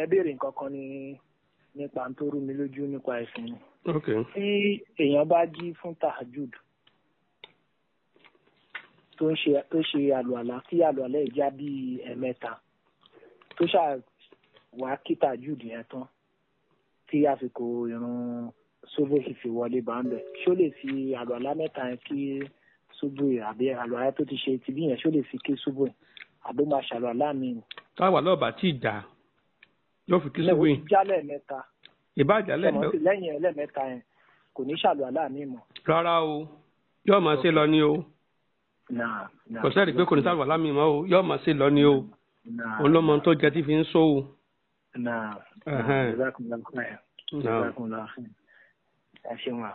fẹ́ béèrè nǹkan kan ní nípa tó rú mi lójú nípa ẹ̀sìn ni. tí èèyàn bá jí fún tahajud tó ń ṣe tó ṣe àlùalá kí àlùalá ìjà bíi ẹ̀mẹ́ta tó ṣàwá kí tahajud yẹn tán tí àsìkò irun ṣubú fífi wọlé bá ń bẹ̀ ṣó lè fi àlùalá mẹ́ta yẹn kí ṣubú yẹn àbí àlùalá tó ti ṣe tìbí yẹn ṣó lè fi kí ṣubú yẹn àbó máa ṣàlùalá mi. táwa lọ́ọ̀bà tí ì dáa yóò fi kí sùn wí. jálẹ̀ mẹ́ta. ìbájà lẹ́mẹ́ta. tọmọ sí lẹ́yìn ẹlẹ́mẹ́ta yẹn kò ní ṣàlù aláàmì mọ́. rárá o yóò máa ṣe lọ ni o. kò sẹ́ẹ̀rì pé kò ní ṣàlù aláàmì mọ́ o yóò máa ṣe lọ ni o. òun ló mọ tó jẹ tí fi ń sọ o. ẹ ṣeun